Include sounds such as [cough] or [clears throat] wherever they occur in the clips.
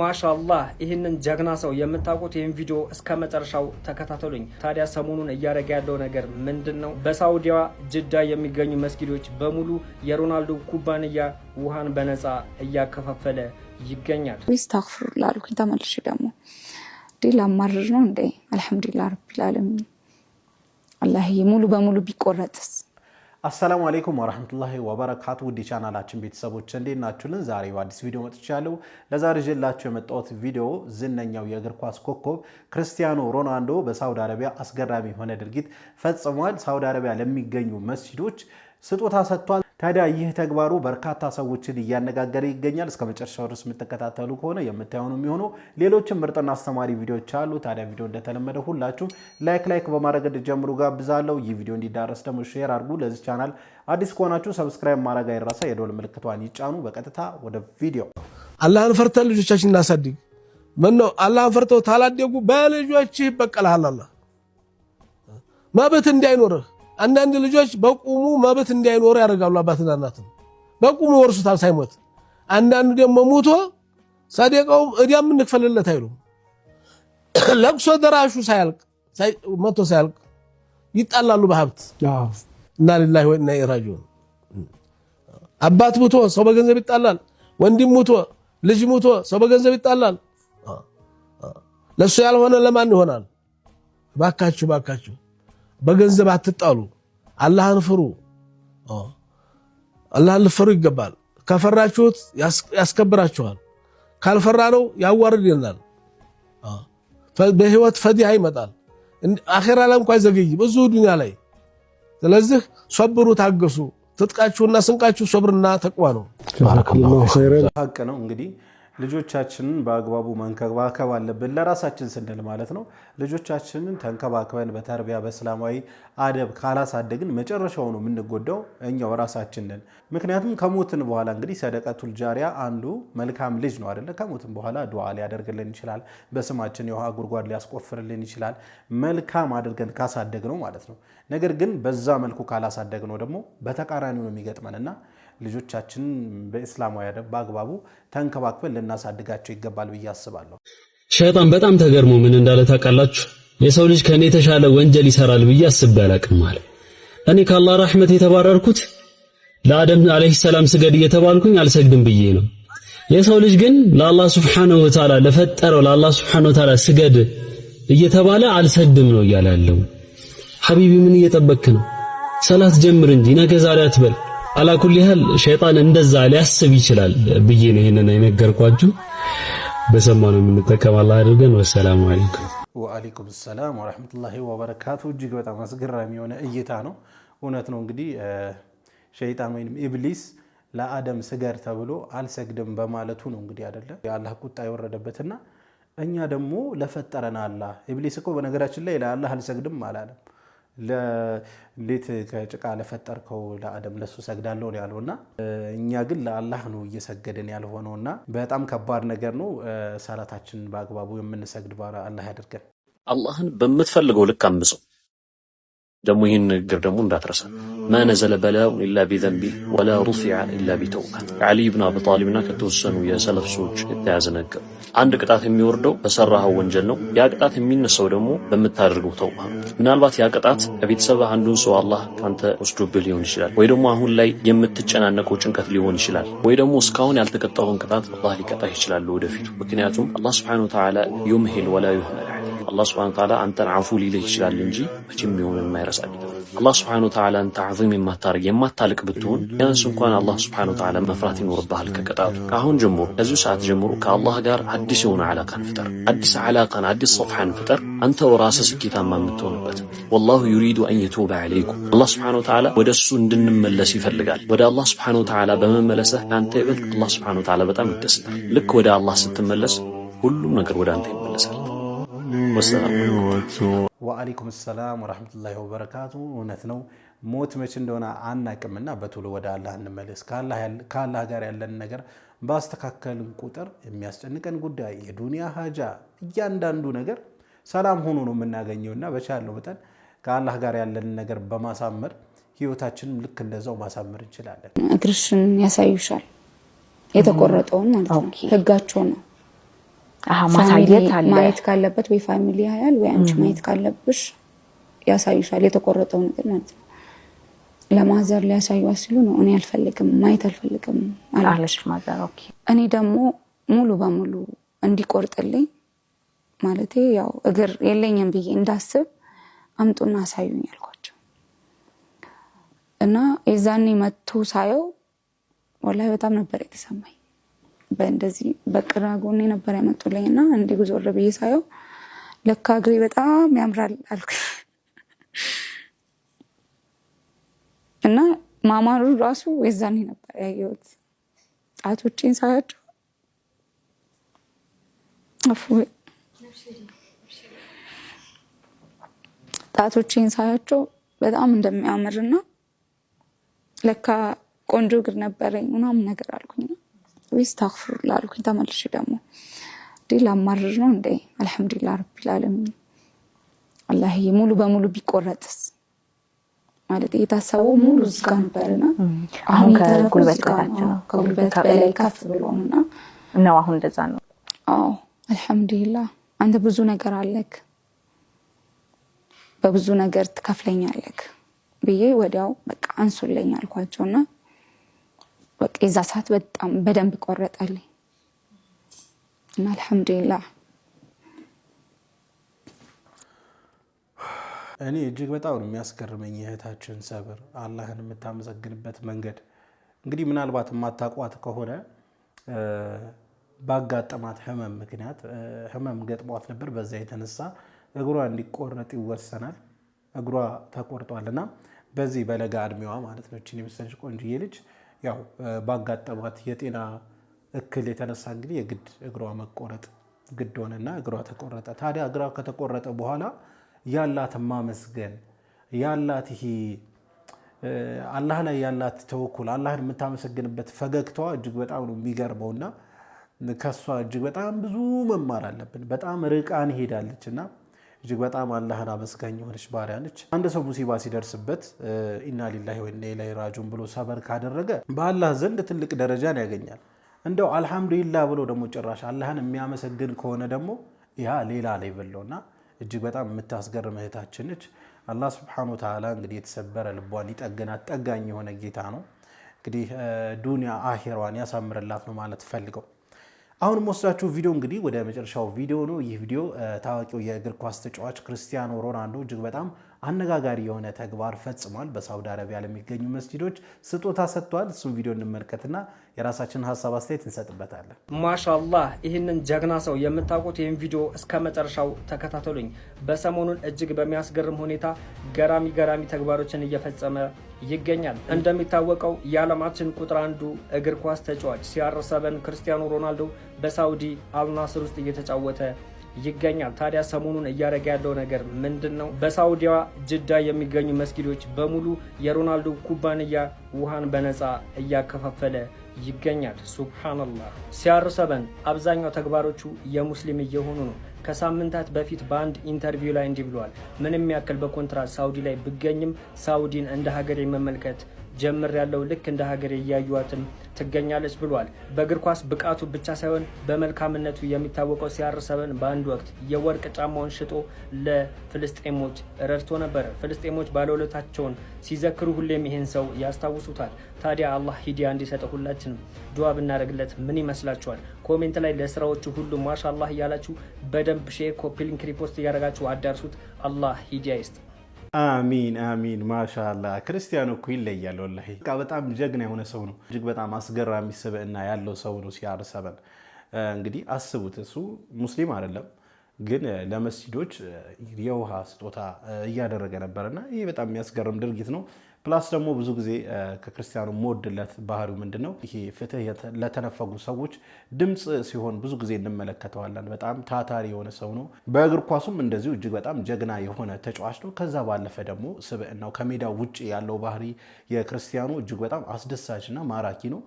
ማሻላህ ይህንን ጀግና ሰው የምታውቁት ይህን ቪዲዮ እስከ መጨረሻው ተከታተሉኝ። ታዲያ ሰሞኑን እያደረገ ያለው ነገር ምንድን ነው? በሳውዲያ ጅዳ የሚገኙ መስጊዶች በሙሉ የሮናልዶ ኩባንያ ውሃን በነፃ እያከፋፈለ ይገኛል። አስተግፊሩላህ አልኩኝ ተመልሽ ደግሞ ዲል አማርር ነው እንዴ? አልሐምዱሊላህ ረቢል ዓለሚን ሙሉ በሙሉ ቢቆረጥስ አሰላሙ አሌይኩም ወረህመቱላሂ ወበረካቱ ውድ ቻናላችን ቤተሰቦች እንዴት ናችሁልን? ዛሬ በአዲስ ቪዲዮ መጥቻለሁ። ለዛሬ ይዤላችሁ የመጣሁት ቪዲዮ ዝነኛው የእግር ኳስ ኮከብ ክርስቲያኖ ሮናልዶ በሳውዲ አረቢያ አስገራሚ የሆነ ድርጊት ፈጽሟል። ሳውዲ አረቢያ ለሚገኙ መስጂዶች ስጦታ ሰጥቷል። ታዲያ ይህ ተግባሩ በርካታ ሰዎችን እያነጋገረ ይገኛል። እስከ መጨረሻው ድረስ የምትከታተሉ ከሆነ የምታየው ነው የሚሆነው። ሌሎችም ምርጥና አስተማሪ ቪዲዮዎች አሉ። ታዲያ ቪዲዮ እንደተለመደ ሁላችሁም ላይክ ላይክ በማድረግ እንድጀምሩ ጋብዛለሁ። ይህ ቪዲዮ እንዲዳረስ ደግሞ ሼር አድርጉ። ለዚህ ቻናል አዲስ ከሆናችሁ ሰብስክራይብ ማድረግ አይረሳ። የደወል ምልክቷን ይጫኑ። በቀጥታ ወደ ቪዲዮ። አላህን ፈርተን ልጆቻችን እናሳድግ። ነው አላህን ፈርተው ታላደጉ በልጆችህ ይበቀልሃል አላህ መብት አንዳንድ ልጆች በቁሙ መብት እንዳይኖሩ ያደርጋሉ። አባትና እናትን በቁሙ ይወርሱታል ሳይሞት። አንዳንዱ ደግሞ ሙቶ ሰደቃውም እዳም እንክፈልለት አይሉም። [clears throat] ለቅሶ ደራሹ ሳያልቅ መቶ ሳያልቅ ይጣላሉ በሀብት እና ሊላሂ ወኢና ኢለይሂ አባት ሙቶ ሰው በገንዘብ ይጣላል። ወንድም ሙቶ ልጅ ሙቶ ሰው በገንዘብ ይጣላል። ለእሱ ያልሆነ ለማን ይሆናል? ባካችሁ ባካችሁ በገንዘብ አትጣሉ። አላህን ፍሩ። አላህን ልፈሩ ይገባል። ከፈራችሁት ያስከብራችኋል። ካልፈራ ነው ያዋርድናል። በህይወት ፈዲሃ ይመጣል። አኼራ ላይ እንኳ አይዘገይም ብዙ ዱንያ ላይ። ስለዚህ ሰብሩ፣ ታገሱ። ትጥቃችሁና ስንቃችሁ ሰብርና ተቅዋ ነው። ሐቅ ነው እንግዲህ ልጆቻችንን በአግባቡ መንከባከብ አለብን። ለራሳችን ስንል ማለት ነው። ልጆቻችንን ተንከባክበን በተርቢያ በእስላማዊ አደብ ካላሳደግን መጨረሻው ነው የምንጎዳው እኛው ራሳችን ነን። ምክንያቱም ከሞትን በኋላ እንግዲህ ሰደቀቱል ጃሪያ አንዱ መልካም ልጅ ነው አይደለ ከሞትን በኋላ ዱዓ ሊያደርግልን ይችላል። በስማችን የውሃ ጉድጓድ ሊያስቆፍርልን ይችላል። መልካም አድርገን ካሳደግ ነው ማለት ነው። ነገር ግን በዛ መልኩ ካላሳደግ ነው ደግሞ በተቃራኒው ነው የሚገጥመንና ልጆቻችን በእስላማዊ አደብ በአግባቡ ተንከባክበን ልናሳድጋቸው ይገባል ብዬ አስባለሁ። ሸይጣን በጣም ተገርሞ ምን እንዳለ ታውቃላችሁ? የሰው ልጅ ከእኔ የተሻለ ወንጀል ይሰራል ብዬ አስቤ አላቅም አለ። እኔ ከአላህ ረሕመት የተባረርኩት ለአደም ዓለይሂ ሰላም ስገድ እየተባልኩኝ አልሰግድም ብዬ ነው። የሰው ልጅ ግን ለአላህ ሱብሓነሁ ወተዓላ ለፈጠረው ለአላህ ሱብሓነሁ ወተዓላ ስገድ እየተባለ አልሰግድም ነው እያለ ያለው። ሐቢቢ ምን እየጠበክ ነው? ሰላት ጀምር እንጂ ነገ ዛሬ አትበል። አላኩል ያህል ሸይጣን እንደዛ ሊያስብ ይችላል ብዬ ነው ይሄንን የነገርኳችሁ። በሰማ ነው የምንጠቀም አላህ አድርገን። ወሰላሙ አለይኩም ወአለይኩም ሰላም ወራህመቱላሂ ወበረካቱ። እጅግ በጣም አስገራሚ የሆነ እይታ ነው። እውነት ነው እንግዲህ ሸይጣን ወይም ኢብሊስ ለአደም ስገድ ተብሎ አልሰግድም በማለቱ ነው እንግዲህ አይደለም የአላህ ቁጣ የወረደበትና እኛ ደግሞ ለፈጠረን አላህ ኢብሊስ እኮ በነገራችን ላይ ለአላህ አልሰግድም አላለም። እንዴት ከጭቃ ለፈጠርከው ለአደም ለሱ ሰግዳለሁ ነው ያለውና እኛ ግን ለአላህ ነው እየሰገድን ያልሆነውና በጣም ከባድ ነገር ነው። ሰላታችን በአግባቡ የምንሰግድ አላህ ያደርገን። አላህን በምትፈልገው ልክ አምፀው ደግሞ ይህን ንግግር ደግሞ እንዳትረሳ ማ ነዘለ በላኡ ኢላ ቢዘንቢ ወላ ሩፊዐ ኢላ ቢተውባ ዓሊ ብን አቢ ጣሊብና ከተወሰኑ የሰለፍ ሰዎች የተያዘ ነገር አንድ ቅጣት የሚወርደው በሰራኸው ወንጀል ነው። ያ ቅጣት የሚነሳው ደግሞ በምታደርገው ተውባ። ምናልባት ያ ቅጣት ከቤተሰብህ አንዱን ሰው አላህ ካንተ ወስዶብህ ሊሆን ይችላል፣ ወይ ደግሞ አሁን ላይ የምትጨናነቀው ጭንቀት ሊሆን ይችላል፣ ወይ ደግሞ እስካሁን ያልተቀጣውን ቅጣት አላህ ሊቀጣህ ይችላል ወደፊቱ። ምክንያቱም አላህ ስብሐነሁ ወተዓላ ዩምሂል ወላ ዩህመል አላህ ስብሐነ ወተዓላ አንተን አፉ ሊልህ ይችላል እንጂ መቼም ቢሆን የማይረሳ ጌታ አላህ ስብሐነ ወተዓላ አንተ አዚም የማታደርግ የማታልቅ ብትሆን ቢያንስ እንኳን አላህ ስብሐነ ወተዓላ መፍራት ይኖርብሃል። ከቅጣቱ ከአሁን ጀምሮ ከዚሁ ሰዓት ጀምሮ ከአላህ ጋር አዲስ የሆነ ዓላቃን ፍጠር። አዲስ ዓላቃን አዲስ ሶፍሐን ፍጠር። አንተ ራስህ ስኬታማ የምትሆንበት ወላሁ ዩሪዱ አን የቱበ ዐለይኩም አላህ ስብሐነ ወተዓላ ወደ እሱ እንድንመለስ ይፈልጋል። ወደ አላህ ስብሐነ ወተዓላ በመመለስህ ከአንተ ይበልጥ አላህ ስብሐነ ወተዓላ በጣም ይደስታል። ልክ ወደ አላህ ስትመለስ ሁሉም ነገር ወደ አንተ ይመለሳል። ወአሊኩም ሰላም ወረሕመቱላሂ ወበረካቱ። እውነት ነው ሞት መቼ እንደሆነ አናቅምና በቶሎ ወደ አላህ እንመለስ። ከአላህ ጋር ያለን ነገር ባስተካከልን ቁጥር የሚያስጨንቀን ጉዳይ የዱንያ ሀጃ፣ እያንዳንዱ ነገር ሰላም ሆኖ ነው የምናገኘውና በቻለው መጠን ከአላህ ጋር ያለን ነገር በማሳመር ህይወታችንም ልክ እንደዛው ማሳመር እንችላለን። እግርሽን ያሳዩሻል የተቆረጠውን ማለት ነው ህጋቸው ነው ማሳየት አለ። ማየት ካለበት ወይ ፋሚሊ ያያል ወይ አንቺ ማየት ካለብሽ ያሳዩሻል። የተቆረጠው ነገር ማለት ነው። ለማዘር ሊያሳዩት ሲሉ ነው እኔ አልፈልግም ማየት አልፈልግም አለች ማዘር። እኔ ደግሞ ሙሉ በሙሉ እንዲቆርጥልኝ ማለት ያው እግር የለኝም ብዬ እንዳስብ አምጡና አሳዩኝ አልኳቸው እና የዛኔ መቶ ሳየው ወላሂ በጣም ነበር የተሰማኝ። በእንደዚህ በቅራ ጎን ነበር ያመጡልኝ እና እንዲ ጉዞ ብዬ ሳየው ለካ እግሬ በጣም ያምራል አልኩ እና ማማሩ ራሱ የዛኔ ነበር ያየሁት። ጣቶቼን ሳያቸው አፉ ጣቶቼን ሳያቸው በጣም እንደሚያምርና ለካ ቆንጆ እግር ነበረኝ ምናምን ነገር አልኩኝ። ኢስተግፊር ላልኩኝ ተመልሼ ደግሞ እንዴ ላማርር ነው እንዴ? አልሐምዱሊላህ ረቢ ዓለሚን። አላህዬ ሙሉ በሙሉ ቢቆረጥስ ማለት የታሰበው ሙሉ እዚህ ጋ ነበርና አሁን ከጉልበት በታቸው ከጉልበት በላይ ከፍ ብሎ እና ነው አሁን እንደዛ ነው። አዎ አልሐምዱሊላህ። አንተ ብዙ ነገር አለክ፣ በብዙ ነገር ትከፍለኛለክ ብዬ ወዲያው በቃ አንሱልኝ አልኳቸውና በቃ የዛ ሰዓት በጣም በደንብ ቆረጠልኝ እና አልሐምዱሊላህ እኔ እጅግ በጣም ነው የሚያስገርመኝ እህታችን ሰብር፣ አላህን የምታመሰግንበት መንገድ። እንግዲህ ምናልባት የማታቋት ከሆነ ባጋጠማት ህመም ምክንያት ህመም ገጥሟት ነበር። በዛ የተነሳ እግሯ እንዲቆረጥ ይወሰናል። እግሯ ተቆርጧልና በዚህ በለጋ እድሜዋ ማለት ነው። እችን የመሰለች ቆንጅዬ ልጅ ያው ባጋጠማት የጤና እክል የተነሳ እንግዲህ የግድ እግሯ መቆረጥ ግድ ሆነና እግሯ ተቆረጠ። ታዲያ እግሯ ከተቆረጠ በኋላ ያላት ማመስገን ያላት ይሄ አላህ ላይ ያላት ተወኩል አላህን የምታመሰግንበት ፈገግቷ እጅግ በጣም ነው የሚገርመው። የሚገርመውና ከሷ እጅግ በጣም ብዙ መማር አለብን። በጣም ርቃን ሄዳለች እና እጅግ በጣም አላህን አመስጋኝ የሆነች ባሪያ ነች። አንድ ሰው ሙሲባ ሲደርስበት ኢና ሊላሂ ወኢና ኢለይሂ ራጂዑን ብሎ ሰበር ካደረገ በአላህ ዘንድ ትልቅ ደረጃን ያገኛል። እንደው አልሐምዱሊላህ ብሎ ደግሞ ጭራሽ አላህን የሚያመሰግን ከሆነ ደግሞ ያ ሌላ ላይ በለውና እጅግ በጣም የምታስገርም እህታችን ነች። አላህ ስብሐነ ወተዓላ እንግዲህ የተሰበረ ልቧን ይጠግናት። ጠጋኝ የሆነ ጌታ ነው። እንግዲህ ዱንያ አሂሯን ያሳምርላት ነው ማለት ፈልገው አሁን የምወስዳችሁ ቪዲዮ እንግዲህ ወደ መጨረሻው ቪዲዮ ነው። ይህ ቪዲዮ ታዋቂው የእግር ኳስ ተጫዋች ክርስቲያኖ ሮናልዶ እጅግ በጣም አነጋጋሪ የሆነ ተግባር ፈጽሟል። በሳውዲ አረቢያ ለሚገኙ መስጂዶች ስጦታ ሰጥቷል። እሱም ቪዲዮ እንመልከትና የራሳችንን ሀሳብ አስተያየት እንሰጥበታለን። ማሻላህ ይህንን ጀግና ሰው የምታውቁት ይህን ቪዲዮ እስከ መጨረሻው ተከታተሉኝ። በሰሞኑን እጅግ በሚያስገርም ሁኔታ ገራሚ ገራሚ ተግባሮችን እየፈጸመ ይገኛል። እንደሚታወቀው የዓለማችን ቁጥር አንዱ እግር ኳስ ተጫዋች ሲያረሰበን ክርስቲያኖ ሮናልዶ በሳውዲ አልናስር ውስጥ እየተጫወተ ይገኛል። ታዲያ ሰሞኑን እያደረገ ያለው ነገር ምንድን ነው? በሳውዲያ ጅዳ የሚገኙ መስጊዶች በሙሉ የሮናልዶ ኩባንያ ውሃን በነፃ እያከፋፈለ ይገኛል። ሱብሃነላህ ሲያርሰበን አብዛኛው ተግባሮቹ የሙስሊም እየሆኑ ነው። ከሳምንታት በፊት በአንድ ኢንተርቪው ላይ እንዲህ ብለዋል። ምንም ያክል በኮንትራት ሳውዲ ላይ ብገኝም ሳውዲን እንደ ሀገር የመመልከት ጀምር ያለው ልክ እንደ ሀገር እያዩዋትም ትገኛለች ብሏል። በእግር ኳስ ብቃቱ ብቻ ሳይሆን በመልካምነቱ የሚታወቀው ሲአር በአንድ ወቅት የወርቅ ጫማውን ሽጦ ለፍልስጤሞች ረድቶ ነበረ። ፍልስጤሞች ባለውለታቸውን ሲዘክሩ ሁሌም ይህን ሰው ያስታውሱታል። ታዲያ አላህ ሂዲያ እንዲሰጠ ሁላችንም ዱዓ ብናደርግለት ምን ይመስላችኋል? ኮሜንት ላይ ለስራዎቹ ሁሉ ማሻላህ እያላችሁ በደንብ ሼር፣ ኮፒ ሊንክ፣ ሪፖስት እያደረጋችሁ አዳርሱት። አላህ ሂዲያ ይስጥ። አሚን አሚን። ማሻላ ክርስቲያን እኮ ይለያል። ወላሂ በቃ በጣም ጀግና የሆነ ሰው ነው። እጅግ በጣም አስገራሚ ስብዕና ያለው ሰው ነው። ሲያርሰበን እንግዲህ አስቡት፣ እሱ ሙስሊም አይደለም፣ ግን ለመስጂዶች የውሃ ስጦታ እያደረገ ነበረና ይህ በጣም የሚያስገርም ድርጊት ነው። ፕላስ ደግሞ ብዙ ጊዜ ከክርስቲያኑ መወድለት ባህሪው ምንድን ነው? ይሄ ፍትህ ለተነፈጉ ሰዎች ድምፅ ሲሆን ብዙ ጊዜ እንመለከተዋለን። በጣም ታታሪ የሆነ ሰው ነው። በእግር ኳሱም እንደዚሁ እጅግ በጣም ጀግና የሆነ ተጫዋች ነው። ከዛ ባለፈ ደግሞ ስብዕናው ከሜዳ ውጭ ያለው ባህሪ የክርስቲያኑ እጅግ በጣም አስደሳችና ማራኪ ነው።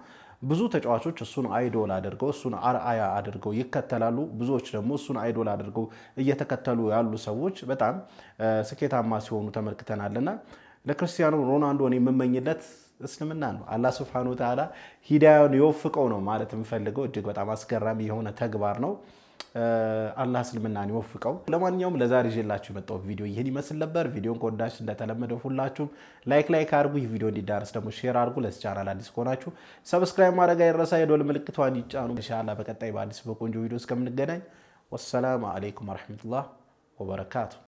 ብዙ ተጫዋቾች እሱን አይዶል አድርገው እሱን አርአያ አድርገው ይከተላሉ። ብዙዎች ደግሞ እሱን አይዶል አድርገው እየተከተሉ ያሉ ሰዎች በጣም ስኬታማ ሲሆኑ ተመልክተናልና ለክርስቲያኑ ሮናልዶ እኔ የምመኝለት እስልምና ነው። አላህ ስብሐነሁ ወተዓላ ሂዳያን የወፍቀው ነው ማለት የምፈልገው። እጅግ በጣም አስገራሚ የሆነ ተግባር ነው። አላህ እስልምናን ይወፍቀው። ለማንኛውም ለዛሬ ይዤላችሁ የመጣው ቪዲዮ ይህን ይመስል ነበር። ቪዲዮን ከወዳችሁ እንደተለመደው ሁላችሁም ላይክ ላይክ አድርጉ። ይህ ቪዲዮ እንዲዳረስ ደግሞ ሼር አድርጉ። ለዚህ ቻናል አዲስ ከሆናችሁ ሰብስክራይብ ማድረግ አይረሳ። የደወል ምልክቷን ይጫኑ። ኢንሻላህ በቀጣይ በአዲስ በቆንጆ ቪዲዮ እስከምንገናኝ ወሰላሙ አለይኩም ወረሕመቱላህ ወበረካቱ